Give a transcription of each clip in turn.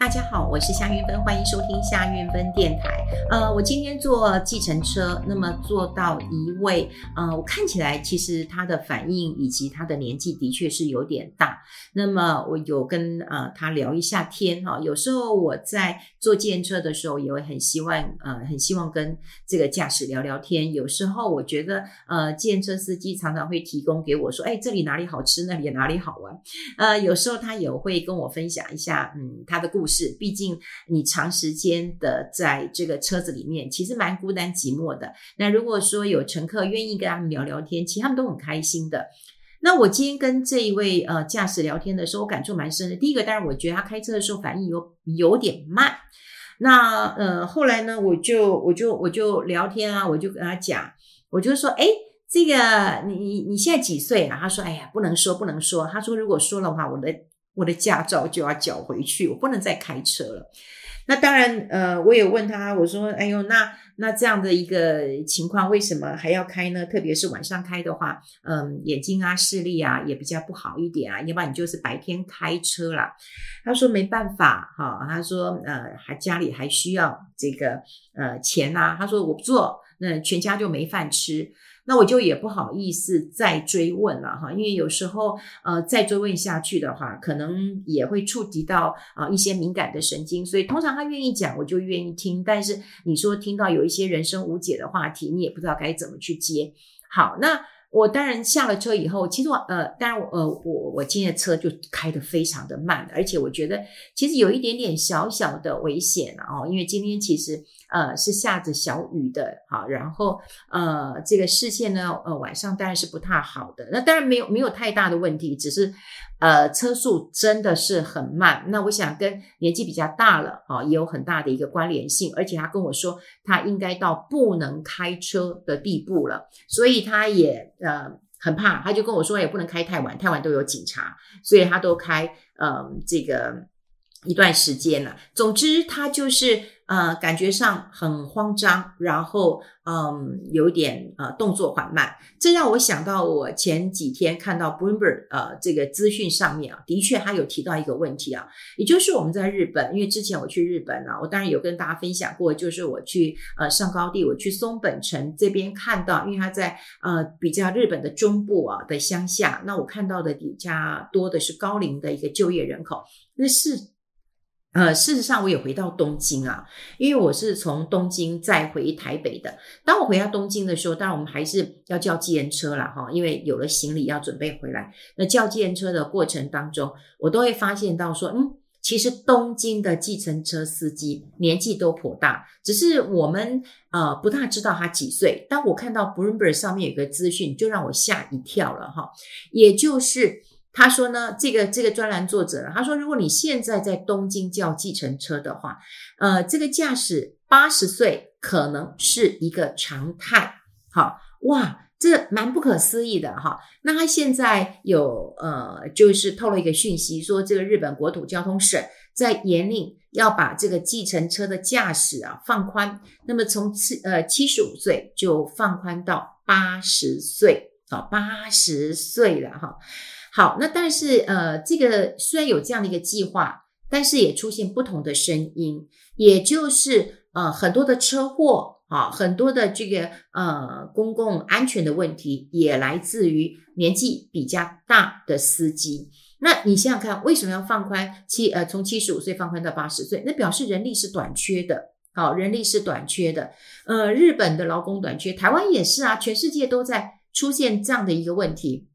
大家好，我是夏韻芬，歡迎收聽夏韻芬電台。呃，我今天坐計程車，那麼坐到一位，呃，我看起來其實他的反應以及他的年紀的確是有點大。那麼我有跟呃他聊一下天哈、哦。有時候我在坐計程車的時候，也會很希望呃很希望跟這個駕駛聊聊天。有時候我覺得呃，計程車司機常常會提供給我說，哎、欸，這裡哪裡好吃，那裡哪裡好玩。呃，有時候他也會跟我分享一下嗯他的故事。是，畢竟你長時間的在這個車子裡面，其實蠻孤單寂寞的。那如果說有乘客願意跟他們聊聊天，其實他們都很開心的。那我今天跟這一位呃駕駛聊天的時候，我感觸蠻深的。第一個，當然我覺得他開車的時候反應有有點慢。那呃，後來呢，我就我就我就聊天啊，我就跟他講，我就說，誒、哎，這個你你你現在幾歲啊？他說，哎呀，不能說不能說。他說，如果說的話，我的。我的駕照就要繳回去，我不能再開車了。那當然，呃，我也問他，我說：“哎呦，那……”那這樣的一個情況，為什麼還要開呢？特別是晚上開的話，嗯，眼睛啊、視力啊也比較不好一點啊。要不然你就是白天開車啦。他說沒辦法哈、哦，他說呃，還家裡還需要這個呃錢吶、啊。他說我不做，那全家就沒飯吃。那我就也不好意思再追問了哈，因為有時候呃再追問下去的話，可能也會觸及到啊、呃、一些敏感的神經。所以通常他願意講，我就願意聽。但是你說聽到有。一些人生無解的話題，你也不知道該怎麼去接。好，那我當然下了車以後，其實我呃，當然我呃，我我今天的車就開得非常的慢，而且我覺得其實有一點點小小的危險了哦，因為今天其實。呃，是下着小雨的，好，然後呃，這個視線呢，呃，晚上當然是不太好的。那當然沒有沒有太大的問題，只是呃，車速真的是很慢。那我想跟年紀比較大了，哦，也有很大的一個關聯性。而且他跟我說，他應該到不能開車的地步了，所以他也呃很怕。他就跟我說，他也不能開太晚，太晚都有警察，所以他都開嗯、呃、這個一段時間了。總之，他就是。呃，感覺上很慌張，然後嗯，有點呃動作緩慢，這讓我想到我前幾天看到 Bloomberg 啊，呃，這個資訊上面啊，的確他有提到一個問題啊，也就是我們在日本，因為之前我去日本啊，我當然有跟大家分享過，就是我去呃上高地，我去松本城這邊看到，因為他在呃比較日本的中部啊的鄉下，那我看到的比較多的是高齡的一個就業人口，那是。呃，事實上，我也回到東京啊，因為我是從東京再回台北的。當我回到東京的時候，當然我們還是要叫計程車啦哈，因為有了行李要準備回來。那叫計程車的過程當中，我都會發現到說，嗯，其實東京的計程車司機年紀都頗大，只是我們呃不大知道他幾歲。當我看到 Bloomberg 上面有個資訊，就讓我嚇一跳了哈，也就是。他說呢，這個這個專欄作者，他說，如果你現在在東京叫計程車的話，呃，這個駕駛八十歲可能是一個常態。好哇，這蠻不可思議的哈。那他現在有呃，就是透露一個訊息說，說這個日本國土交通省在嚴令要把這個計程車的駕駛啊放寬，那麼從七呃七十五歲就放寬到八十歲啊，八十歲了哈。好，那但是呃，這個雖然有這樣的一個計劃，但是也出現不同的聲音，也就是呃，很多的車禍啊，很多的這個呃公共安全的問題，也來自於年紀比較大的司機。那你想想看，為什麼要放寬七呃從七十五歲放寬到八十歲？那表示人力是短缺的，好、啊，人力是短缺的。呃，日本的勞工短缺，台灣也是啊，全世界都在出現這樣的一個問題。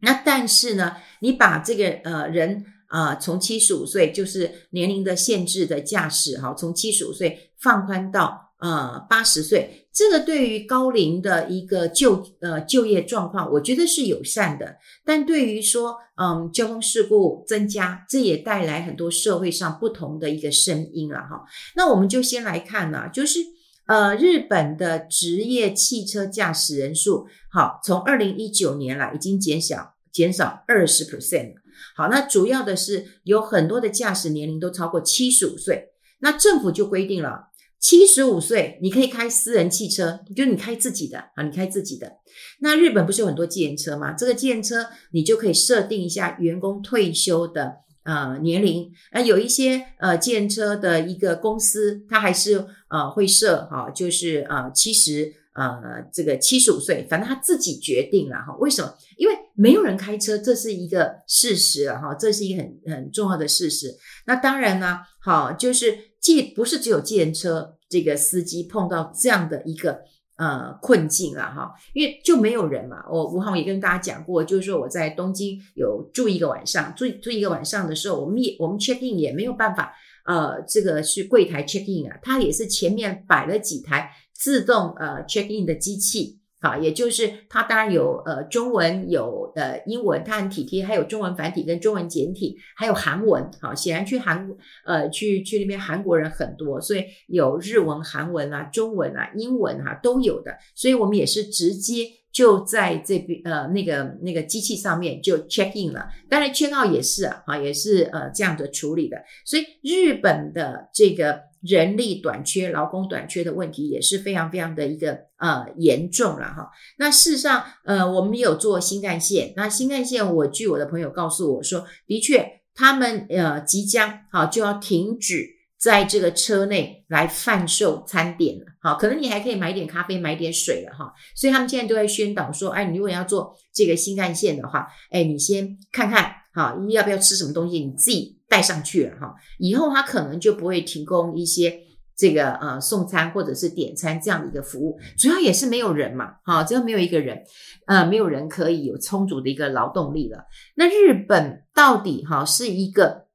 那但是呢，你把這個呃人啊、呃、從七十五歲就是年齡的限制的駕駛哈，從七十五歲放寬到呃八十歲，這個對於高齡的一個就呃就業狀況，我覺得是友善的。但對於說嗯、呃、交通事故增加，這也帶來很多社會上不同的一個聲音啊哈。那我們就先來看呢、啊，就是。呃，日本的職業汽車駕駛人數，好，從二零一九年來，已經減少減少二十 percent，好，那主要的是有很多的駕駛年齡都超過七十五歲，那政府就規定了，七十五歲你可以開私人汽車，就你開自己的啊，你開自己的，那日本不是有很多計程車嗎？這個計程車你就可以設定一下員工退休的。呃，年齡，那有一些呃，計程車的一個公司，他還是呃會設哈、哦，就是呃七十呃這個七十五歲，反正他自己決定了哈。為什麼？因為沒有人開車，這是一個事實了哈、哦，這是一個很很重要的事實。那當然呢，好、哦，就是既不是只有計程車這個司機碰到這樣的一個。呃、嗯，困境了、啊、哈，因為就沒有人嘛、啊。我吳航也跟大家講過，就是說我在東京有住一個晚上，住住一個晚上的時候，我們也我們 check in 也沒有辦法，呃，這個去櫃台 check in 啊，它，也是前面擺了幾台自動呃 check in 的機器。好，也就是它當然有呃中文有呃英文，它很體貼，還有中文繁體跟中文簡體，還有韓文。好，顯然去韓呃去去那邊韓國人很多，所以有日文、韓文啊、中文啊、英文啊都有的。所以我們也是直接就在這邊呃那個那個機器上面就 check in 了，當然 Channel 也是啊，也是呃、啊啊、這樣的處理的。所以日本的這個。人力短缺、勞工短缺的問題也是非常、非常的一個呃嚴重了哈。那事實上，呃，我們有做新幹線。那新幹線，我據我的朋友告訴我，我說，的確，他們呃即將哈、哦、就要停止在這個車內來販售餐點了。好、哦，可能你還可以買點咖啡、買點水了哈、哦。所以他們現在都在宣導說，哎，你如果要做這個新幹線的話，哎，你先看看哈、哦，要不要吃什麼東西，你自己。帶上去了哈，以後他可能就不會提供一些這個呃送餐或者是點餐這樣的一個服務，主要也是沒有人嘛，哈，只要沒有一個人，呃，沒有人可以有充足的一個勞動力了。那日本到底哈是一個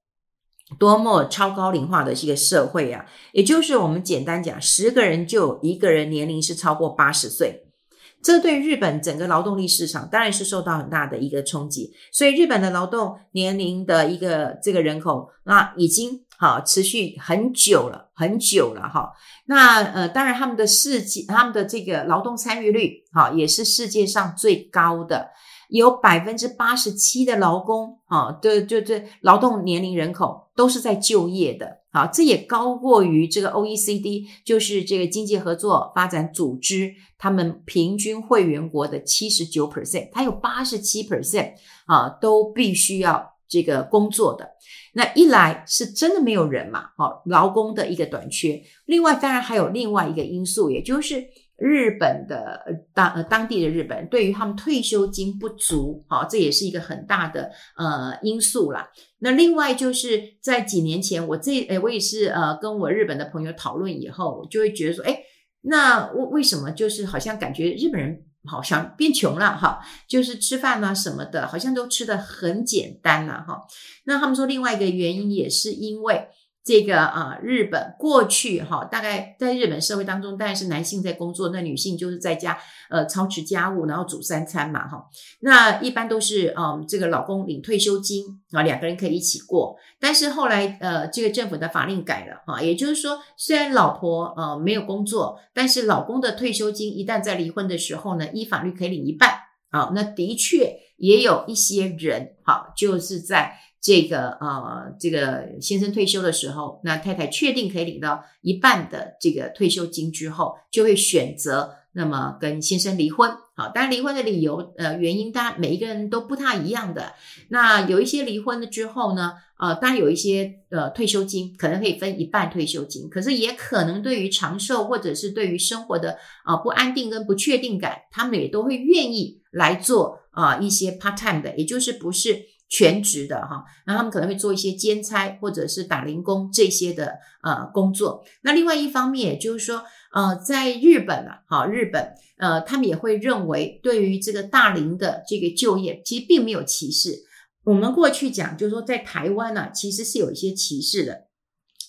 多麼超高齡化的一個社會啊？也就是我們簡單講，十個人就一個人年齡是超過八十歲。這對日本整個勞動力市場當然是受到很大的一個衝擊，所以日本的勞動年齡的一個這個人口，那已經哈持續很久了，很久了哈。那呃，當然他們的世界，他們的這個勞動參與率哈，也是世界上最高的，有87，有百分之八十七的勞工啊，對，對這勞動年齡人口都是在就業的。好，這也高過於這個 OECD，就是這個經濟合作發展組織，他們平均會員國的七十九 percent，他有八十七 percent 啊，都必須要這個工作的。那一來是真的沒有人嘛，好，勞工的一個短缺。另外，當然還有另外一個因素，也就是。日本的當呃當地的日本，對於他們退休金不足，哈、哦，這也是一個很大的呃因素啦。那另外就是在幾年前，我這誒、哎、我也是呃跟我日本的朋友討論以後，我就會覺得說，哎，那為為什麼就是好像感覺日本人好像變窮了哈、哦，就是吃飯啊什麼的，好像都吃得很簡單啦、啊。哦、哈。那他們說另外一個原因也是因為，這個啊、呃，日本過去哈、哦，大概在日本社會當中，當然是男性在工作，那女性就是在家呃操持家務，然後煮三餐嘛哈、哦。那一般都是嗯、呃，這個老公領退休金啊、哦，兩個人可以一起過。但是後來呃，這個政府的法令改了哈、哦，也就是說，雖然老婆呃沒有工作，但是老公的退休金一旦在離婚的時候呢，依法律可以領一半啊、哦。那的確。也有一些人，好，就是在這個呃，這個先生退休的時候，那太太確定可以領到一半的這個退休金之後，就會選擇那麼跟先生離婚。好，當然離婚的理由呃原因，當然每一個人都不太一樣的。那有一些離婚了之後呢，呃，當然有一些呃退休金可能可以分一半退休金，可是也可能對於長壽或者是對於生活的啊、呃、不安定跟不確定感，他們也都會願意。來做啊一些 part time 的，也就是不是全職的哈，那他們可能會做一些兼差或者是打零工這些的啊工作。那另外一方面，也就是說，呃，在日本啊，哈，日本，呃，他們也會認為對於這個大齡的這個就業，其實並沒有歧視。我們過去講，就是說在台灣啊，其實是有一些歧視的。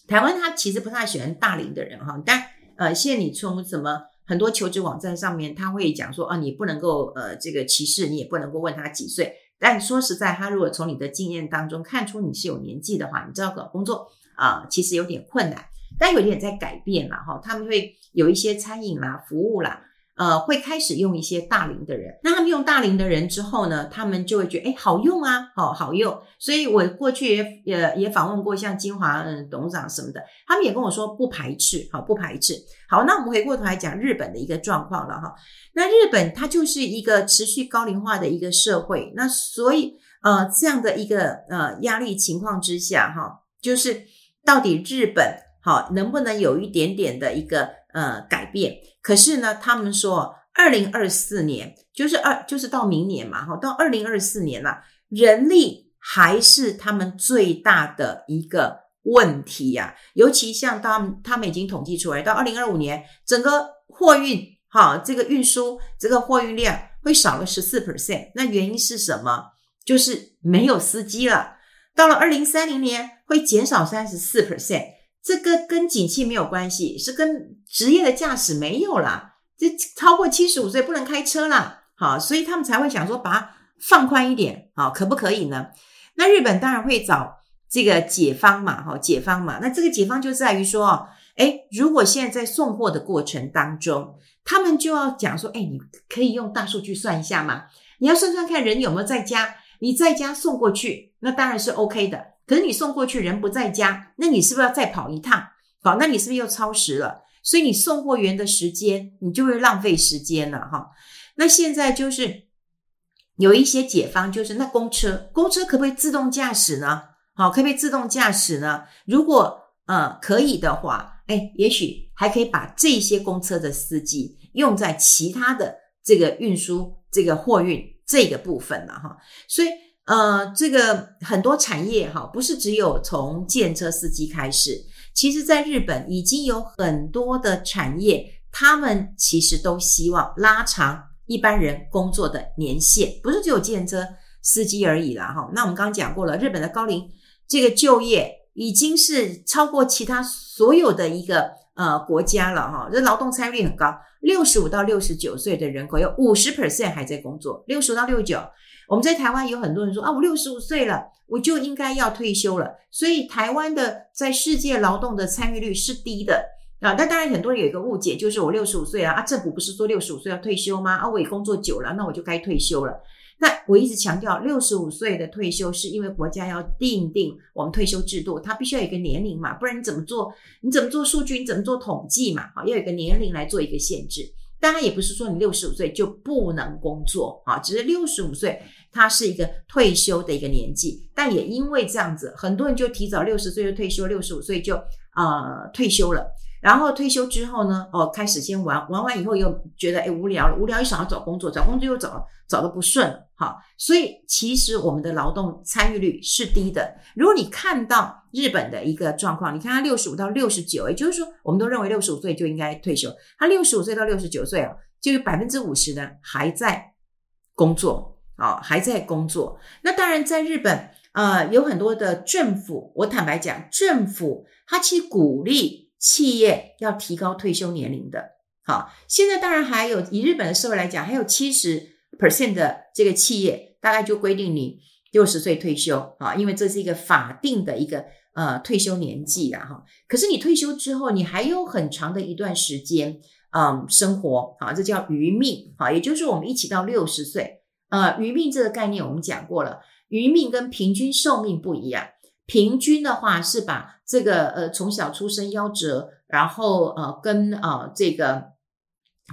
台灣他其實不太喜歡大齡的人哈，但呃，現在你從什麼？很多求職網站上面，他會講說，啊，你不能夠，呃，這個歧視，你也不能夠問他幾歲。但說實在，他如果從你的經驗當中看出你是有年紀的話，你知道找工作啊，呃，其實有點困難。但有點在改變了哈，他們會有一些餐飲啦、啊、服務啦、啊。呃，會開始用一些大齡的人，那他們用大齡的人之後呢，他們就會覺得，哎，好用啊，好，好用。所以，我過去也，呃，也訪問過像金華董事長什麼的，他們也跟我說不排斥，好，不排斥。好，那我們回過頭來講日本的一個狀況了哈。那日本它就是一個持續高齡化的一個社會，那所以，呃，這樣的一個呃壓力情況之下，哈，就是到底日本。好，能不能有一點點的一個呃改變？可是呢，他們說2024年，二零二四年就是二，就是到明年嘛，哦到二零二四年了，人力還是他們最大的一個問題呀、啊。尤其像他們，他們已經統計出來，到二零二五年，整個貨運哈、哦、這個運輸這個貨運量會少了十四 percent。那原因是什麼？就是沒有司機了。到了二零三零年，會減少三十四 percent。這個跟景氣沒有關係，是跟職業的駕駛沒有啦，就超過七十五歲不能開車啦，好，所以他們才會想說把它放寬一點，好，可不可以呢？那日本當然會找這個解方嘛，哈，解方嘛。那這個解方就在於說，哎，如果現在在送貨的過程當中，他們就要講說，哎，你可以用大數據算一下嘛，你要算算看人有沒有在家，你在家送過去，那當然是 OK 的。可是你送過去人不在家，那你是不是要再跑一趟？好，那你是不是又超時了？所以你送貨員的時間你就會浪費時間了哈。那現在就是有一些解方，就是那公車，公車可不可以自動駕駛呢？好，可不可以自動駕駛呢？如果呃可以的話，誒，也許還可以把這些公車的司機用在其他的這個運輸、這個貨運這個部分了哈。所以。呃，這個很多產業哈，不是只有從計程車司機開始。其實，在日本已經有很多的產業，他們其實都希望拉長一般人工作的年限，不是只有計程車司機而已了哈。那我們剛剛講過了，日本的高齡這個就業已經是超過其他所有的一個呃國家了哈，這勞動參與率很高，六十五到六十九歲的人口有五十 percent 還在工作，六十五到六十九。我們在台灣有很多人說啊，我六十五歲了，我就應該要退休了。所以台灣的在世界勞動的參與率是低的啊。那當然很多人有一個誤解，就是我六十五歲了啊，啊，政府不是說六十五歲要退休嗎？啊，我也工作久了，那我就該退休了。那我一直強調，六十五歲的退休是因為國家要訂定我們退休制度，它必須要有一個年齡嘛，不然你怎麼做？你怎麼做數據？你怎麼做統計嘛？啊，要有一個年齡來做一個限制。當然也不是說你六十五歲就不能工作啊，只是六十五歲它是一個退休的一個年紀，但也因為這樣子，很多人就提早六十歲就退休，六十五歲就呃退休了。然後退休之後呢，哦，開始先玩，玩完以後又覺得誒無聊了，無聊又想要找工作，找工作又找找得不順，哈，所以其實我們的勞動參與率是低的。如果你看到日本的一個狀況，你看他六十五到六十九，也就是說，我們都認為六十五歲就應該退休，他六十五歲到六十九歲啊，就有百分之五十呢還在工作，好，哦，還在工作。那當然，在日本啊、呃，有很多的政府，我坦白講，政府他去鼓勵。企業要提高退休年齡的，好，現在當然還有，以日本的社會來講，還有七十 percent 的這個企業大概就規定你六十歲退休啊，因為這是一個法定的一個呃退休年紀啊，哈。可是你退休之後，你還有很長的一段時間，嗯、呃，生活，好，這叫餘命，好，也就是我們一起到六十歲，呃，餘命這個概念我們講過了，餘命跟平均壽命不一樣，平均的話是把。這個呃，從小出生夭折，然後呃，跟啊、呃、這個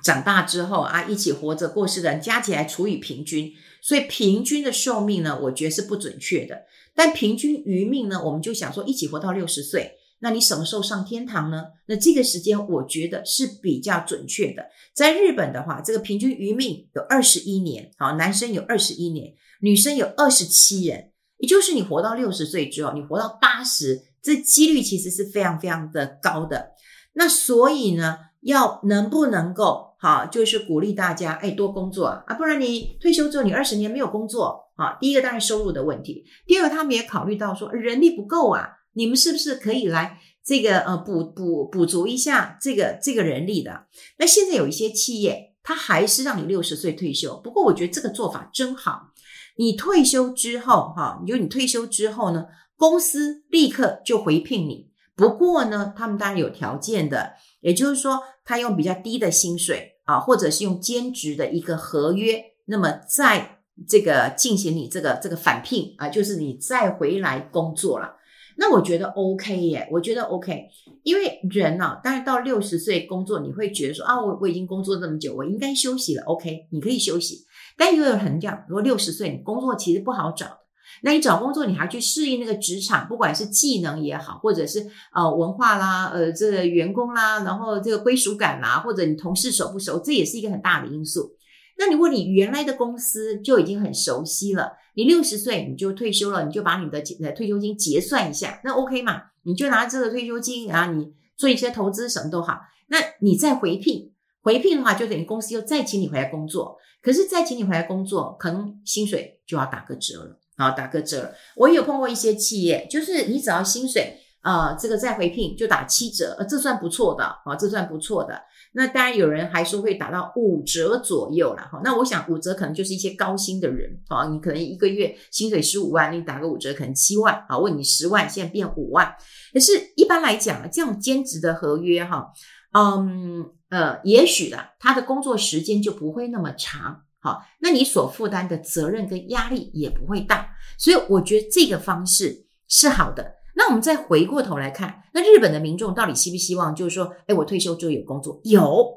長大之後啊一起活着過世的人加起來除以平均，所以平均的壽命呢，我覺得是不準確的。但平均餘命呢，我們就想說一起活到六十歲，那你什麼時候上天堂呢？那這個時間我覺得是比較準確的。在日本的話，這個平均餘命有二十一年，好，男生有二十一年，女生有二十七人。也就是你活到六十歲之後，你活到八十。這幾率其實是非常非常的高的，那所以呢，要能不能夠好，就是鼓勵大家哎多工作啊，啊，不然你退休之後你二十年沒有工作啊，第一個當然收入的問題，第二個他們也考慮到說人力不夠啊，你們是不是可以來這個呃補補補足一下這個這個人力的？那現在有一些企業，他還是讓你六十歲退休，不過我覺得這個做法真好，你退休之後哈，你說你退休之後呢？公司立刻就回聘你，不過呢，他們當然有條件的，也就是說，他用比較低的薪水啊，或者是用兼職的一個合約，那麼再這個進行你這個這個返聘啊，就是你再回來工作了。那我覺得 OK 耶，我覺得 OK，因為人呢、啊，當然到六十歲工作，你會覺得說啊，我我已經工作這麼久，我應該休息了。OK，你可以休息，但又有人講，如果六十歲你工作其實不好找。那你找工作，你還要去適應那個職場，不管是技能也好，或者是呃文化啦，呃這個、員工啦，然後這個歸屬感啦，或者你同事熟不熟，這也是一個很大的因素。那如果你原來的公司就已經很熟悉了，你六十歲你就退休了，你就把你的呃退休金結算一下，那 OK 嘛？你就拿這個退休金，啊，你做一些投資，什麼都好。那你再回聘，回聘的話就等於公司又再請你回來工作，可是再請你回來工作，可能薪水就要打個折了。好，打個折。我也有碰過一些企業，就是你只要薪水啊、呃，這個再回聘就打七折，呃，這算不錯的，好、哦，這算不錯的。那當然有人還說會打到五折左右了，哈、哦。那我想五折可能就是一些高薪的人，好、哦，你可能一個月薪水十五萬，你打個五折可能七萬，啊，問你十萬，現在變五萬。可是一般來講，這樣兼職的合約，哈、哦，嗯，呃，也許的，他的工作時間就不會那麼長。好，那你所負擔的責任跟壓力也不會大，所以我覺得這個方式是好的。那我們再回過頭來看，那日本的民眾到底希不希望？就是說，哎，我退休就有工作？有，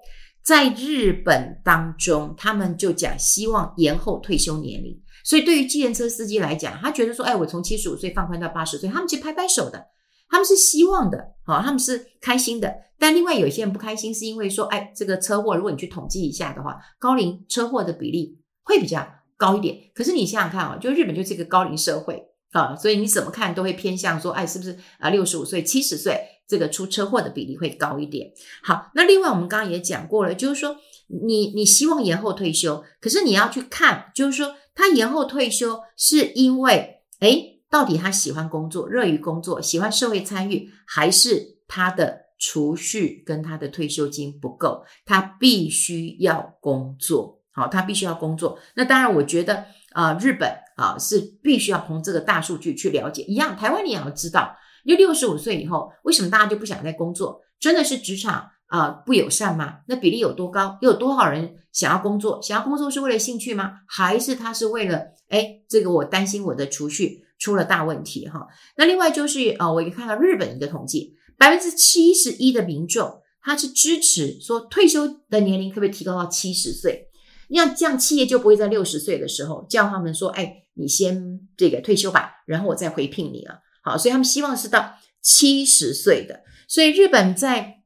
在日本當中，他們就講希望延後退休年齡。所以對於計程車司機來講，他覺得說，哎，我從七十五歲放寬到八十歲，他們其實拍拍手的。他們是希望的，他們是開心的。但另外有一些人不開心，是因為說，哎，這個車禍，如果你去統計一下的話，高齡車禍的比例會比較高一點。可是你想想看啊，哦，就日本就是一個高齡社會啊，所以你怎麼看都會偏向說，哎，是不是啊？六十五歲、七十歲這個出車禍的比例會高一點。好，那另外我們剛剛也講過了，就是說你你希望延後退休，可是你要去看，就是說他延後退休是因為，誒到底他喜歡工作、熱於工作、喜歡社會參與，還是他的儲蓄跟他的退休金不夠？他必須要工作，好，他必須要工作。那當然，我覺得啊、呃，日本啊是必須要從這個大數據去了解。一樣，台灣你也要知道，因為六十五歲以後，為什麼大家就不想再工作？真的是職場啊、呃、不友善嗎？那比例有多高？又有多少人想要工作？想要工作是為了興趣嗎？還是他是為了哎，這個我擔心我的儲蓄？出了大問題哈，那另外就是呃，我也看到日本一個統計，百分之七十一的民眾他是支持說退休的年齡可不可以提高到七十歲，那這樣企業就不會在六十歲的時候叫他們說，哎，你先這個退休吧，然後我再回聘你了、啊，好，所以他們希望是到七十歲的，所以日本在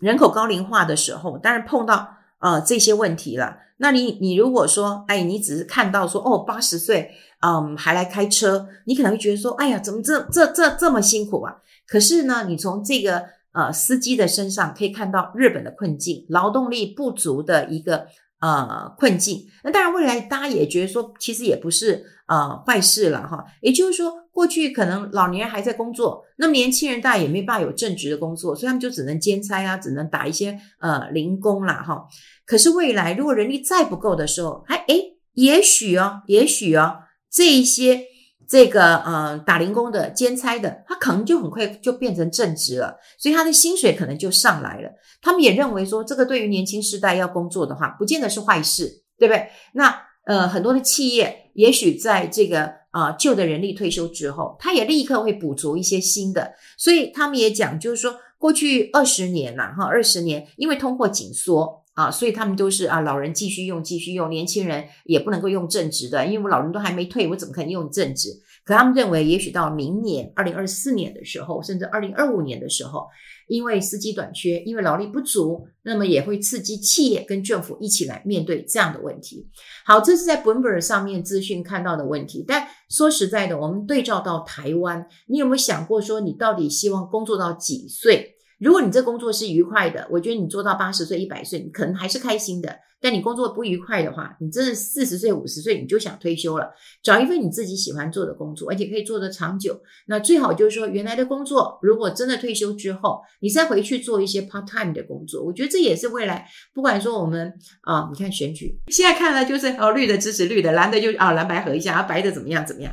人口高齡化的時候，當然碰到。啊、呃，這些問題了。那你，你如果說，哎，你只是看到說，哦，八十歲，嗯，還來開車，你可能會覺得說，哎呀，怎麼這這這這麼辛苦啊？可是呢，你從這個呃司機的身上可以看到日本的困境，勞動力不足的一個呃困境。那當然，未來大家也覺得說，其實也不是呃壞事了哈。也就是說。過去可能老年人還在工作，那麼年輕人當然也沒辦法有正職的工作，所以他們就只能兼差啊，只能打一些呃零工啦，哈。可是未來如果人力再不夠的時候，哎誒也許哦，也許哦，這一些這個呃打零工的兼差的，他可能就很快就變成正職了，所以他的薪水可能就上來了。他們也認為說，這個對於年輕世代要工作的話，不見得是壞事，對不對？那呃，很多的企業也許在這個。啊，舊的人力退休之後，他也立刻會補足一些新的，所以他們也講，就是說過去二十年吶、啊，哈，二十年，因為通貨緊縮啊，所以他們都是啊，老人繼續用，繼續用，年輕人也不能夠用正職的，因為我老人都還沒退，我怎麼可能用正職？可他們認為，也許到明年二零二四年的時候，甚至二零二五年的時候。因為司機短缺，因為勞力不足，那麼也會刺激企業跟政府一起來面對這樣的問題。好，這是在 Bloomberg 上面資訊看到的問題。但說實在的，我們對照到台灣，你有沒有想過說，你到底希望工作到幾歲？如果你這工作是愉快的，我覺得你做到八十歲、一百歲，你可能還是開心的。但你工作不愉快的話，你真的四十歲、五十歲你就想退休了，找一份你自己喜歡做的工作，而且可以做得長久。那最好就是說，原來的工作如果真的退休之後，你再回去做一些 part time 的工作。我覺得這也是未來，不管說我們啊，你看選舉現在看來就是哦，綠的支持綠的，藍的就啊、哦、藍白合一下，啊白的怎麼樣怎麼樣，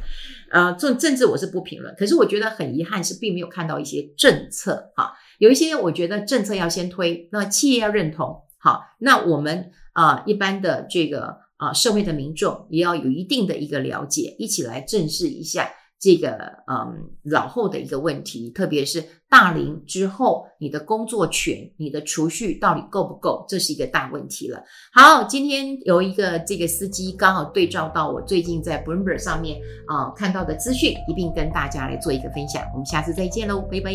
呃，這政治我是不評論。可是我覺得很遺憾是，並沒有看到一些政策哈。啊有一些我覺得政策要先推，那企業要認同，好，那我們啊、呃、一般的這個啊、呃、社會的民眾也要有一定的一個了解，一起來正視一下這個嗯、呃、老後的一個問題，特別是大齡之後你的工作權、你的儲蓄到底夠不夠，這是一個大問題了。好，今天有一個這個司機剛好對照到我最近在 Bloomberg 上面啊、呃、看到的資訊，一併跟大家來做一個分享。我們下次再見嘍，拜拜。